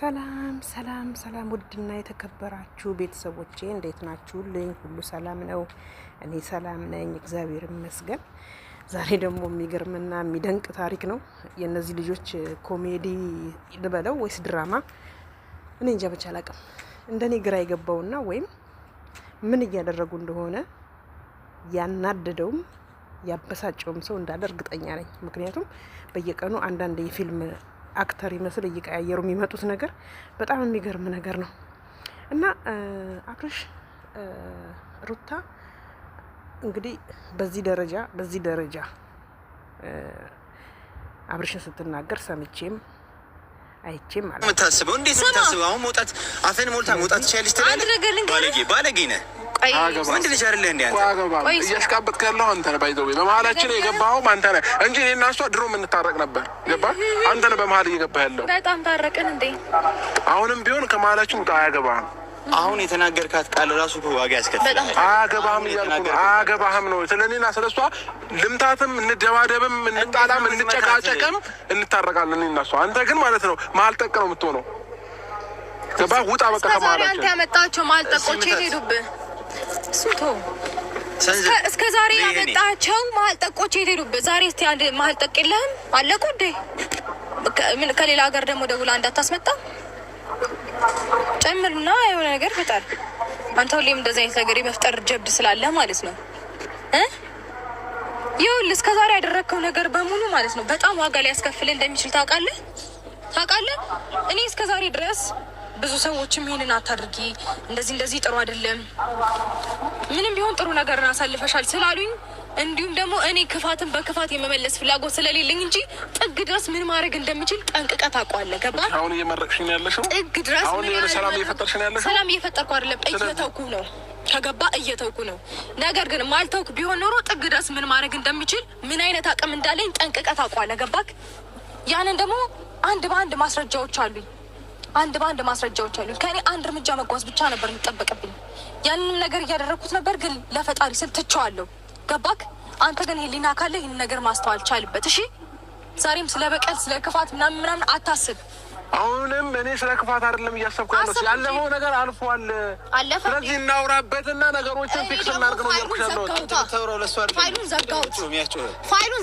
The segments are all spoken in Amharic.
ሰላም ሰላም ሰላም ውድና የተከበራችሁ ቤተሰቦቼ እንዴት ልኝ ሁሉ ሰላም ነው? እኔ ሰላም ነኝ፣ እግዚአብሔር ይመስገን። ዛሬ ደግሞ የሚገርምና የሚደንቅ ታሪክ ነው። የእነዚህ ልጆች ኮሜዲ ልበለው ወይስ ድራማ፣ እኔ እንጃ ብቻ አላቅም። እንደኔ ግራ የገባውና ወይም ምን እያደረጉ እንደሆነ ያናደደውም ያበሳጨውም ሰው እንዳለ እርግጠኛ ነኝ። ምክንያቱም በየቀኑ አንዳንድ የፊልም አክተር ይመስል እየቀያየሩ የሚመጡት ነገር በጣም የሚገርም ነገር ነው እና አብርሽ ሩታ እንግዲህ በዚህ ደረጃ በዚህ ደረጃ አብርሽን ስትናገር ሰምቼም አይቼም ማለት ነው። የምታስበው እንዴት ስታስበው አሁን መውጣት አፈን ሞልታ መውጣት ትችያለሽ። ባለጌ ባለጌ ነህ። ወንድ በመሀላችን አንተ ነህ እንጂ እሷ ድሮ የምንታረቅ ነበር። ገባህ? አንተ ነህ በመሀል ያለው። በጣም ታረቅን እንዴ? አሁንም ቢሆን ከመሀላችን ውጣ። አያገባህም። አሁን የተናገርካት ቃል ራሱ ዋጋ አያገባህም እያልኩ ነው። አያገባህም ነው ስለ እኔና ስለ እሷ ልምታትም፣ እንደባደብም፣ እንጣላም፣ እንጨቃጨቅም እንታረቃለን እኔና እሷ። አንተ ግን ማለት ነው መሀል ጠቅ ነው የምትሆነው። ገባህ? ውጣ በቃ ከመሀላችን። አንተ ያመጣቸው መሀል ጠቆች እሱን ተው። እስከ ዛሬ ያመጣቸው ማልጠቆች የት ሄዱብህ? ዛሬ እስኪ አንድ ማልጠቅ የለህም? አለቁ እንዴ? ከሌላ ሀገር ደግሞ ደውላ እንዳታስመጣ ጨምርና የሆነ ነገር ፈጣል። አንተ ሁሌም እንደዚህ አይነት ነገር የመፍጠር ጀብድ ስላለ ማለት ነው። ይኸውልህ እስከ ዛሬ ያደረግከው ነገር በሙሉ ማለት ነው በጣም ዋጋ ሊያስከፍልህ እንደሚችል ታውቃለህ ታውቃለህ። እኔ እስከ ዛሬ ድረስ ብዙ ሰዎችም ይሄንን አታድርጊ፣ እንደዚህ እንደዚህ ጥሩ አይደለም፣ ምንም ቢሆን ጥሩ ነገርን አሳልፈሻል ስላሉኝ እንዲሁም ደግሞ እኔ ክፋትን በክፋት የመመለስ ፍላጎት ስለሌለኝ እንጂ ጥግ ድረስ ምን ማድረግ እንደምችል ጠንቅቀት አውቀዋለሁ። ገባህ? አሁን እየመረቅሽ ያለሽው። ጥግ ድረስ ሰላም ያለሽው። ሰላም እየፈጠርኩ አይደለም፣ እየተውኩ ነው። ከገባ እየተውኩ ነው። ነገር ግን ማልተውክ ቢሆን ኖሮ ጥግ ድረስ ምን ማድረግ እንደምችል ምን አይነት አቅም እንዳለኝ ጠንቅቀት አውቀዋለሁ። ገባክ? ያንን ደግሞ አንድ በአንድ ማስረጃዎች አሉኝ። አንድ በአንድ ማስረጃዎች አሉ። ከእኔ አንድ እርምጃ መጓዝ ብቻ ነበር የሚጠበቅብኝ። ያንንም ነገር እያደረግኩት ነበር፣ ግን ለፈጣሪ ስል ትቼዋለሁ። ገባክ? አንተ ግን ህሊና ካለ ይህን ነገር ማስተዋል ቻልበት። እሺ፣ ዛሬም ስለ በቀል ስለ ክፋት ምናምን ምናምን አታስብ። አሁንም እኔ ስለ ክፋት አይደለም እያሰብኩ ያለው ያለፈው ነገር አልፏል። ስለዚህ እናውራበትና ነገሮችን ፊክስ እናድርግ ነው እያልኩ ያለው። ፋይሉን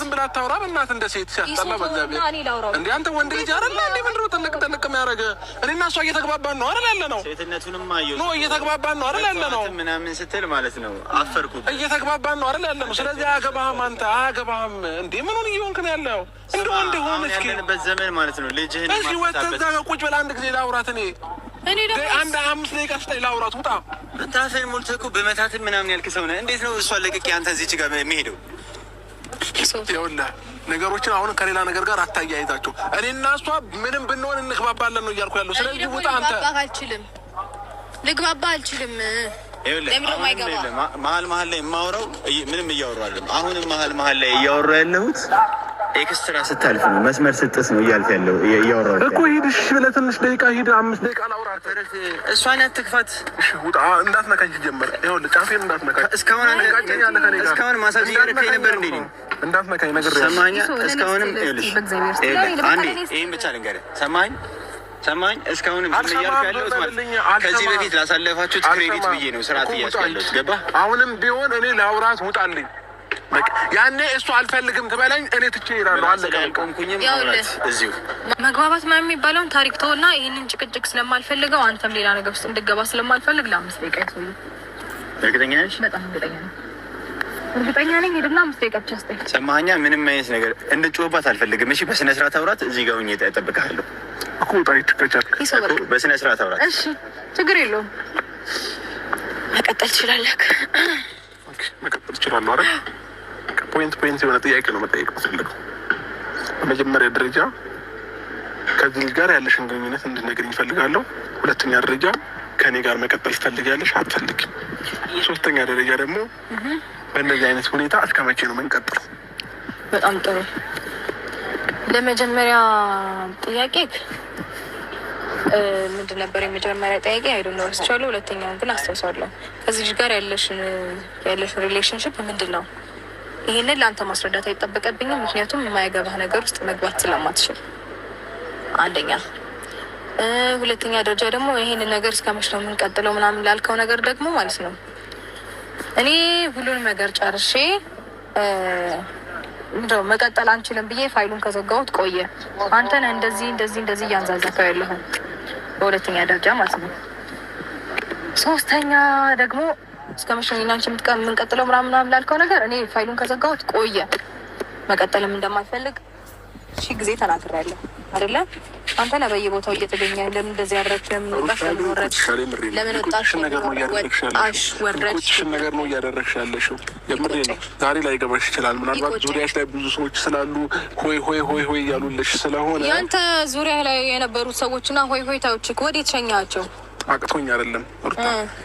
ዝም ብላ አታውራ በእናትህ እንደ ሴት ሲያስጠላ። በእግዚአብሔር እንደ አንተ ወንድ ልጅ አይደለ እንዲ ምንድን ነው ጥንቅ ጥንቅ የሚያደርግ? እኔና እሷ እየተግባባን ነው አይደል ያለ ነው። እየተግባባን ነው አይደል ያለ ነው። ምናምን ስትል ማለት ነው አፈርኩ። እየተግባባን ነው አይደል ያለ ነው። ስለዚህ አያገባህም፣ አንተ አያገባህም። እንዴ ምኑን እየሆንክ ነው ያለው? እንደው እንደሆነ እስኪ ያለንበት ዘመን ማለት ነው ልጅህን እሺ ወተህ እዛ ጋር ቁጭ ብለህ አንድ ጊዜ ላውራት እኔ እኔ ደግሞ አንድ አምስት ደቂቃ ስጠኝ ላውራት። ውጣ ታፈን ሞልተህ እኮ በመታትን ምናምን ያልክ ሰው ነህ። እንዴት ነው እሷን ለቅቄ አንተ እዚች ጋር የሚሄደው? ይኸውልህ ነገሮችን አሁን ከሌላ ነገር ጋር አታያይዛቸው። እኔና እሷ ምንም ብንሆን እንግባባለን ነው እያልኩ ያለው። ስለዚህ ውጣ አንተ። አልችልም፣ ልግባባ አልችልም። መሀል መሀል ላይ የማወራው ምንም እያወሩ አለም። አሁንም መሀል መሀል ላይ እያወሩ ያለሁት ኤክስትራ ስታልፍ ነው፣ መስመር ስጥስ ነው እያልፍ ያለው እያወራ እኮ። ሂድ እሺ ብለህ ትንሽ ደቂቃ ሂድ፣ አምስት ደቂቃ ላውራት። እሷን አትግፋት፣ እንዳትነካኝ ጀመር። ይኸውልህ ጫፌን እንዳትነካኝ። እስካሁን ማሳጅ እያደረከኝ ነበር እንዴ? እንዳትነካኝ ነገር ሰማኝ። እስካሁንም ይኸውልሽ፣ አንዴ ይህን ብቻ ልንገርህ፣ ሰማኝ ሰማኝ እስካሁን ዝም ከዚህ በፊት ላሳለፋችሁት ክሬዲት ብዬ ነው ስርዓት እያስያለሁት ገባ። አሁንም ቢሆን እኔ ለአውራት ውጣልኝ ያኔ እሱ አልፈልግም ትበለኝ፣ እኔ ትቼ እሄዳለሁ። እዚሁ መግባባት ምናምን የሚባለውን ታሪክ ተውና ይህንን ጭቅጭቅ ስለማልፈልገው አንተም ሌላ ነገር ውስጥ እንድገባ ስለማልፈልግ ለአምስት ደቂቃ ያስሉ። እርግጠኛ ነሽ? በጣም እርግጠኛ ነኝ። እርግጠኛ ነኝ። ሄድና አምስት ደቂቃ ብቻ ስጠኝ። ሰማኸኛ? ምንም አይነት ነገር እንድጮህባት አልፈልግም። እሺ፣ በስነ ስርዓት አውራት። እዚህ ጋር ሆኜ እጠብቅሃለሁ እኮ ጣይ ትቀጫለህ። በስነ ስርዓት አውራት። እሺ፣ ችግር የለውም። መቀጠል ትችላለህ። መቀጠል ትችላለህ። ፖይንት ፖይንት የሆነ ጥያቄ ነው መጠየቅ ፈልገው። በመጀመሪያ ደረጃ ከዚህ ልጅ ጋር ያለሽን ግንኙነት እንድነግርኝ ይፈልጋለሁ። ሁለተኛ ደረጃ ከእኔ ጋር መቀጠል ትፈልጊያለሽ አትፈልግም? ሶስተኛ ደረጃ ደግሞ በእንደዚህ አይነት ሁኔታ እስከ መቼ ነው የምንቀጥለው? በጣም ጥሩ። ለመጀመሪያ ጥያቄ ምንድን ነበር? የመጀመሪያ ጥያቄ አይደለ ረስቻለሁ። ሁለተኛውን ግን አስታውሳለሁ። ከዚህ ልጅ ጋር ያለሽን ሪሌሽንሽፕ ምንድን ነው? ይህንን ለአንተ ማስረዳት አይጠበቀብኝም፣ ምክንያቱም የማይገባህ ነገር ውስጥ መግባት ስለማትችል አንደኛ። ሁለተኛ ደረጃ ደግሞ ይህንን ነገር እስከ መች ነው የምንቀጥለው ምናምን ላልከው ነገር ደግሞ ማለት ነው እኔ ሁሉን ነገር ጨርሼ እንደው መቀጠል አንችልም ብዬ ፋይሉን ከዘጋሁት ቆየ። አንተን እንደዚህ እንደዚህ እንደዚህ እያንዛዘፈው ያለሁን በሁለተኛ ደረጃ ማለት ነው። ሶስተኛ ደግሞ እስከ መቼ እኔና የምንቀጥለው ምናምን ምናምን ላልከው ነገር እኔ ፋይሉን ከዘጋሁት ቆየ። መቀጠልም እንደማልፈልግ ሺ ጊዜ ተናግሬያለሁ አደለ አንተ ነህ በየቦታው እየተገኘ ለምን እንደዚህ ያደረግሽ? ለምን ወጣሽ? ለምን ወጣሽ? ወረድሽ ነገር ነው እያደረግሽ ያለሽው። ነው። ዛሬ ላይ ገባሽ ይችላል። ምናልባት ዙሪያሽ ላይ ብዙ ሰዎች ስላሉ ሆይ ሆይ ሆይ ሆይ እያሉልሽ ስለሆነ ያንተ ዙሪያ ላይ የነበሩት ሰዎችና ሆይ ሆይ ሆይታዎች ወዴት ሸኛቸው? አቅቶኝ አይደለም ሩታ፣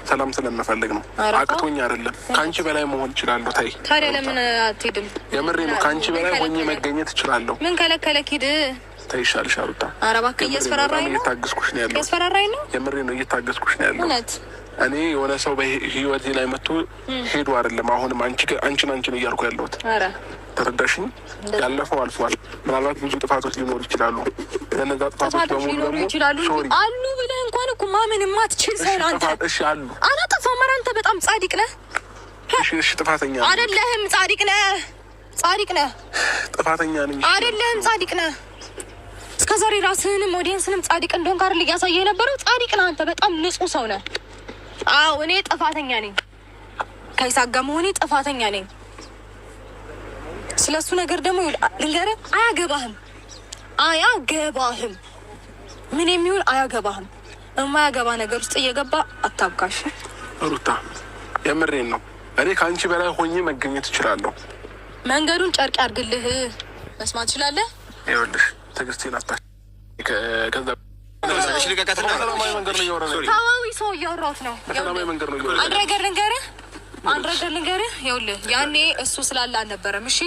ሰላም ስለምፈልግ ነው። አቅቶኝ አይደለም። ከአንቺ በላይ መሆን እችላለሁ። ታይ ታዲያ ለምን አትሄድም? የምሬ ነው። ከአንቺ በላይ ሆኜ መገኘት እችላለሁ። ምን ከለከለ? ሂድ ታይሻል። ሩታ። ኧረ እባክህ እያስፈራራኝ ነው። እየታገስኩሽ ነው ያለው። እያስፈራራኝ ነው። የምሬ ነው። እየታገስኩሽ ነው ያለው እውነት እኔ የሆነ ሰው በህይወቴ ላይ መጥቶ ሄዱ አይደለም። አሁንም አንቺን አንቺን እያልኩ ያለሁት ተረዳሽኝ? ያለፈው አልፏል። ምናልባት ብዙ ጥፋቶች ሊኖሩ ይችላሉ። ለነዛ ጥፋቶች በሙሉ ደግሞ አሉ ብለህ እንኳን እኮ ማመን የማትችል ሰው አንተ አሉ አላጠፋም። ኧረ አንተ በጣም ጻድቅ ነህ። እሺ ጥፋተኛ አይደለህም። ጻድቅ ነህ። ጻድቅ ነህ። ጥፋተኛ ነኝ አይደለህም። ጻድቅ ነህ። እስከ ዛሬ ራስህንም ኦዲየንስንም ጻድቅ እንደሆን ጋር እያሳየ የነበረው ጻድቅ ነህ። አንተ በጣም ንጹህ ሰው ነህ። አዎ እኔ ጥፋተኛ ነኝ። ከይሳጋ መሆኔ ጥፋተኛ ነኝ። ስለ እሱ ነገር ደግሞ ልንገርህ፣ አያገባህም፣ አያገባህም። ምን የሚውል አያገባህም። የማያገባ ነገር ውስጥ እየገባ አታብቃሽ። ሩታ፣ የምሬን ነው። እኔ ከአንቺ በላይ ሆኜ መገኘት እችላለሁ። መንገዱን ጨርቅ ያርግልህ። መስማት ትችላለህ። ይኸውልሽ ትዕግስቴን አታሽ ከዛ ሰላማዊ መንገድ ነው እያወራሁት ነው። ሰላማዊ መንገድ ነው አንድ ነገር ልንገርህ አንድ ነገር ልንገርህ፣ ይኸውልህ ያኔ እሱ ስላለ አልነበረም። እሺ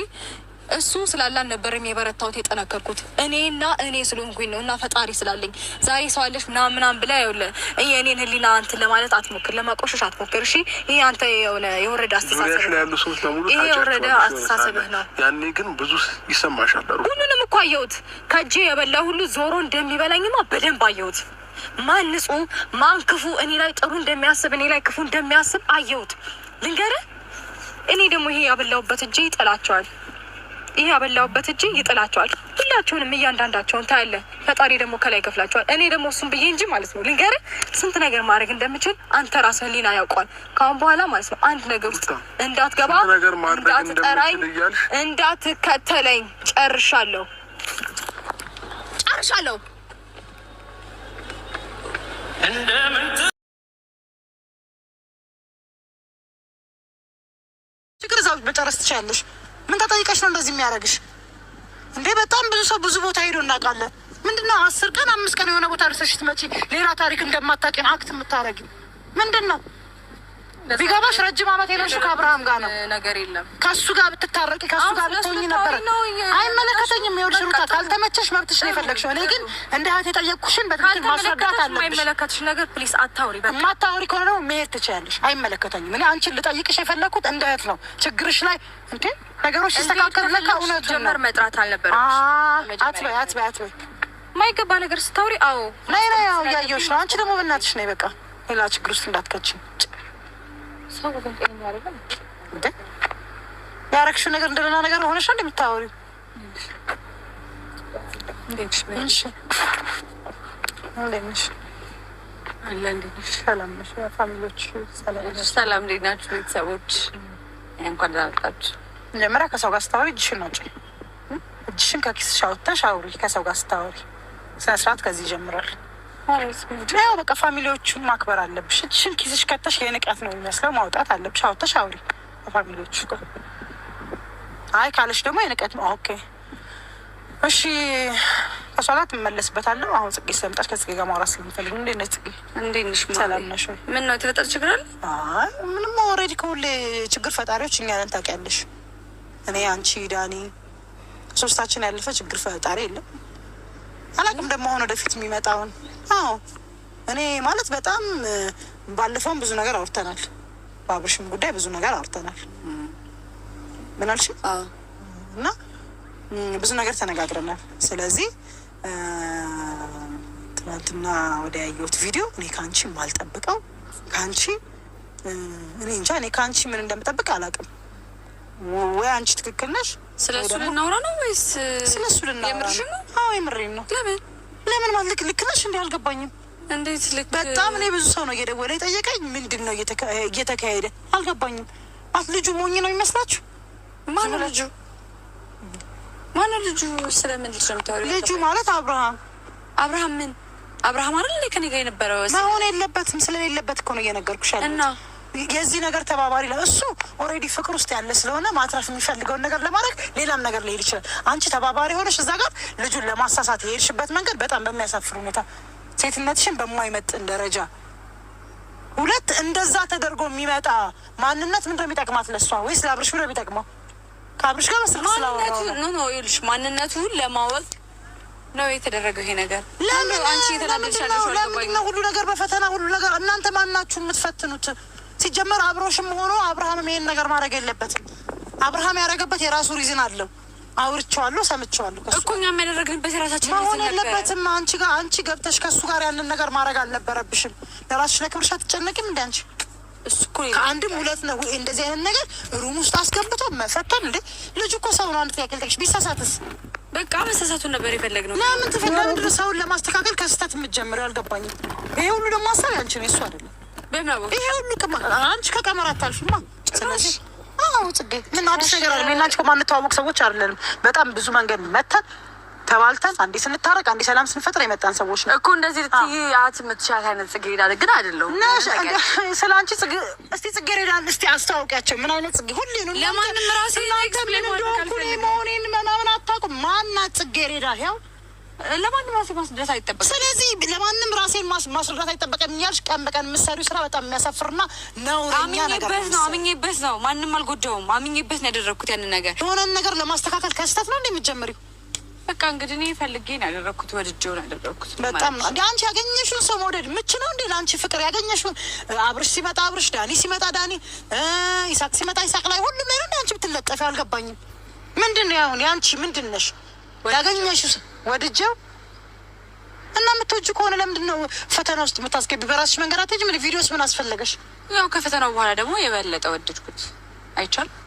እሱ ስላለ አልነበረም የበረታሁት የጠነከርኩት እኔና እኔ ስለሆንኩኝ ነው እና ፈጣሪ ስላለኝ ዛሬ ሰው አለሽ ምናምን ምናምን ብላ ይኸውልህ፣ እኔን ህሊና እንትን ለማለት አትሞክር፣ ለማቆሸሽ አትሞክር። እሺ ይሄ አንተ የሆነ የወረደ አስተሳሰብ ነው። ይሄ የወረደ አስተሳሰብህ ነው። ያኔ ግን ብዙ ይሰማሻል። ሁሉንም እኮ አየሁት። ከእጄ የበላ ሁሉ ዞሮ እንደሚበላኝማ በደንብ አየሁት። ማን ንጹህ ማን ክፉ እኔ ላይ ጥሩ እንደሚያስብ እኔ ላይ ክፉ እንደሚያስብ አየሁት። ልንገር፣ እኔ ደግሞ ይሄ ያበላውበት እጄ ይጥላቸዋል። ይሄ ያበላውበት እጄ ይጥላቸዋል። ሁላቸውንም እያንዳንዳቸውን ታያለ። ፈጣሪ ደግሞ ከላይ ይከፍላቸዋል። እኔ ደግሞ እሱን ብዬ እንጂ ማለት ነው ልንገር፣ ስንት ነገር ማድረግ እንደምችል አንተ ራስህ ሊና ያውቋል። ካሁን በኋላ ማለት ነው አንድ ነገር ውስጥ እንዳትገባ፣ እንዳትጠራኝ፣ እንዳትከተለኝ። ጨርሻለሁ፣ ጨርሻለሁ። መጨረስ ትችያለሽ። ምን ተጠይቀሽ ነው እንደዚህ የሚያደርግሽ እንዴ? በጣም ብዙ ሰው ብዙ ቦታ ሄዶ እናውቃለን። ምንድነው አስር ቀን አምስት ቀን የሆነ ቦታ ርሰሽ ትመጪ ሌላ ታሪክ እንደማታውቂን አክት የምታደርጊው ምንድን ነው? ቢገባሽ ረጅም ዓመት የለሽ ከአብርሃም ጋር ነው ነገር የለም። ከሱ ጋር ብትታረቂ ከሱ ጋር ብትሆኝ ነበር። አይመለከተኝም። ይኸውልሽ ሩታ ካልተመቸሽ መብትሽ ነው የፈለግሽው። እኔ ግን እንደ እህት የጠየቅኩሽን በትክክል ማስረዳት አለብሽ። የማይመለከትሽ ነገር ፕሊስ አታውሪ። የማታውሪ ከሆነ ደግሞ መሄድ ትችያለሽ። አይመለከተኝም። እኔ አንቺን ልጠይቅሽ የፈለግኩት እንደ እህት ነው። ችግርሽ ላይ እንዴ ነገሮች ሲስተካከሉ ለካ እውነቱ ጀመር መጥራት አልነበረብሽ። አትበይ አትበይ አትበይ ማይገባ ነገር ስታውሪ። አዎ ላይ ላይ ያው እያየሁሽ ነው። አንቺ ደግሞ በእናትሽ ነው በቃ ሌላ ችግር ውስጥ እንዳትከችም ሰው ግን ጤነኛ አይደለም። ነገር እንደሌላ ነገር ሆነሻ እንደምታወሪው ሰላም እንዴት ናችሁ ቤተሰቦች? እንኳን ደህና መጣችሁ። መጀመሪያ ከሰው ጋር ስታወሪ እጅሽን አውጪ። እጅሽን ከኪስሽ አውጥተሽ አውሪ። ከሰው ጋር ስታወሪ ስነ ስርዓት ከዚህ ይጀምራል። በቃ ፋሚሊዎቹን ማክበር አለብሽ። እጅሽን ኪስሽ ከተሽ የንቀት ነው የሚመስለው፣ ማውጣት አለብሽ። አውጥተሽ አውሪ ከፋሚሊዎቹ አይ ካለሽ ደግሞ የንቀት ነው። ኦኬ እሺ፣ ከእሷ ጋር ትመለስበታለሁ። አሁን ጽጌ ስለምጣሽ ከጽጌ ጋር ማውራት ስለምፈልግ። እንዴት ነሽ ጽጌ? እንዴት ነሽ? ሰላም ነሽ ወይ? ምን ነው የተፈጠረ ችግር አለ? አይ ምንም፣ ኦልሬዲ ከሁሌ ችግር ፈጣሪዎች እኛ ነን። ታውቂያለሽ፣ እኔ አንቺ፣ ዳኒ ሶስታችን ያለፈ ችግር ፈጣሪ የለም። አላውቅም ደግሞ አሁን ወደፊት የሚመጣውን አዎ እኔ ማለት በጣም ባለፈውም ብዙ ነገር አውርተናል። በአብርሽም ጉዳይ ብዙ ነገር አውርተናል። ምን አልሽ? እና ብዙ ነገር ተነጋግረናል። ስለዚህ ትናንትና ወደ ያየሁት ቪዲዮ እኔ ከአንቺ ማልጠብቀው ከአንቺ እኔ እንጃ እኔ ከአንቺ ምን እንደምጠብቅ አላውቅም። ወይ አንቺ ትክክል ነሽ። ስለሱ ልናውራ ነው ወይስ ስለሱ ልናውራ ነው? ነው? የምሬን ነው። ለምን ለምን ማለት ልክ ነሽ እንዲ አልገባኝም። እንዴት ልክ በጣም እኔ ብዙ ሰው ነው እየደወለ የጠየቀኝ ምንድን ነው እየተካሄደ አልገባኝም። አት ልጁ ሞኝ ነው ይመስላችሁ? ማን ልጁ? ማን ልጁ? ስለምን ልጅ ነው የምታወሪው? ልጁ ማለት አብርሃም። አብርሃም ምን አብርሃም አይደል ከኔ ጋር የነበረው መሆን የለበትም ስለሌለበት እኮ ነው እየነገርኩሻለሁ እና የዚህ ነገር ተባባሪ እሱ ኦልሬዲ ፍቅር ውስጥ ያለ ስለሆነ ማትረፍ የሚፈልገውን ነገር ለማድረግ ሌላም ነገር ሊሄድ ይችላል። አንቺ ተባባሪ ሆነሽ እዛ ጋር ልጁን ለማሳሳት የሄድሽበት መንገድ በጣም በሚያሳፍር ሁኔታ ሴትነትሽን በማይመጥን ደረጃ ሁለት እንደዛ ተደርጎ የሚመጣ ማንነት ምንድነው የሚጠቅማት ለሷ? ወይስ ለአብርሽ ምንድነው የሚጠቅመው? ከአብርሽ ጋር መስራት ስላወራሁ ነው ነው ይልሽ ማንነቱን ለማወቅ ነው የተደረገው ይሄ ነገር። ለምን ለምንድነው ሁሉ ነገር በፈተና ሁሉ ነገር እናንተ ማናችሁ የምትፈትኑት? ሲጀመር አብሮሽም ሆኖ አብርሃምም ይሄን ነገር ማድረግ የለበትም። አብርሃም ያደረገበት የራሱ ሪዝን አለው። አውርቼዋለሁ፣ ሰምቼዋለሁ እኮ እኛም ያደረግንበት የራሳችን መሆን የለበትም። አንቺ ጋር አንቺ ገብተሽ ከእሱ ጋር ያንን ነገር ማድረግ አልነበረብሽም። ለራስሽ ለክብርሽ አትጨነቂም እንደ አንቺ ከአንድም ሁለት ነው። እንደዚህ አይነት ነገር ሩም ውስጥ አስገብቶ መፈተን እንዴ! ልጁ እኮ ሰው ነው። አንድ ጥያቄ ልጠይቅሽ፣ ቢሳሳትስ? በቃ መሳሳቱን ነበር የፈለግነው። ለምን ትፈለምድ? ሰውን ለማስተካከል ከስህተት የምትጀምረው አልገባኝም። ይሄ ሁሉ ደግሞ ሀሳብ ያንቺ ነው፣ የእሱ አይደለም። ይሄ ሁሉ አንቺ ከቀመር አታልፊማ። አዎ ጽጌ ምን አዲስ ነገር አለ? እኔና ከማንተዋወቅ ሰዎች አይደለንም። በጣም ብዙ መንገድ መተን ተባልተን አንዴ ስንታረቅ አንዴ ሰላም ስንፈጥር የመጣን ሰዎች ነው እኮ። እንደዚህ ትያት የምትሻት አይነት ጽጌረዳ ግን አይደለሁም። ስለ አንቺ እስቲ ጽጌረዳን እስቲ አስታውቂያቸው። ምን አይነት ጽጌ ሁሌ ነው ለማንም ራሴ ሆኔ መሆኔን ምናምን አታውቁም። ማናት ጽጌረዳ ያው ለማንም ራሴ ማስረዳት አይጠበቅም። ስለዚህ ለማንም ራሴን ማስረዳት አይጠበቅም እያልሽ ቀን በቀን የምትሰሪው ስራ በጣም የሚያሳፍርና ነውረኛ ነገር ነው። አምኜበት ነው፣ ማንም አልጎዳውም። አምኜበት ነው ያደረግኩት ያንን ነገር። የሆነን ነገር ለማስተካከል ከስተት ነው እንደ የምትጀምሪው። በቃ እንግዲህ እኔ ፈልጌ ነው ያደረግኩት፣ ወድጄው ነው ያደረግኩት። በጣም ነው አንቺ ያገኘሽውን ሰው መውደድ ምች ነው እንዴ? ለአንቺ ፍቅር ያገኘሽውን አብርሽ ሲመጣ አብርሽ፣ ዳኒ ሲመጣ ዳኒ፣ ይሳቅ ሲመጣ ይሳቅ ላይ ሁሉም ላይ ነው አንቺ የምትለጠፊው። አልገባኝም። ምንድን ነው ያሁን የአንቺ ምንድን ነሽ ያገኘሽው ሰው ወድጀው እና የምትወጁ ከሆነ ለምንድን ነው ፈተና ውስጥ የምታስገቢ? በራስሽ መንገድ አትሄጂም? ቪዲዮስ ምን አስፈለገሽ? ያው ከፈተናው በኋላ ደግሞ የበለጠ ወደድኩት። አይቻልም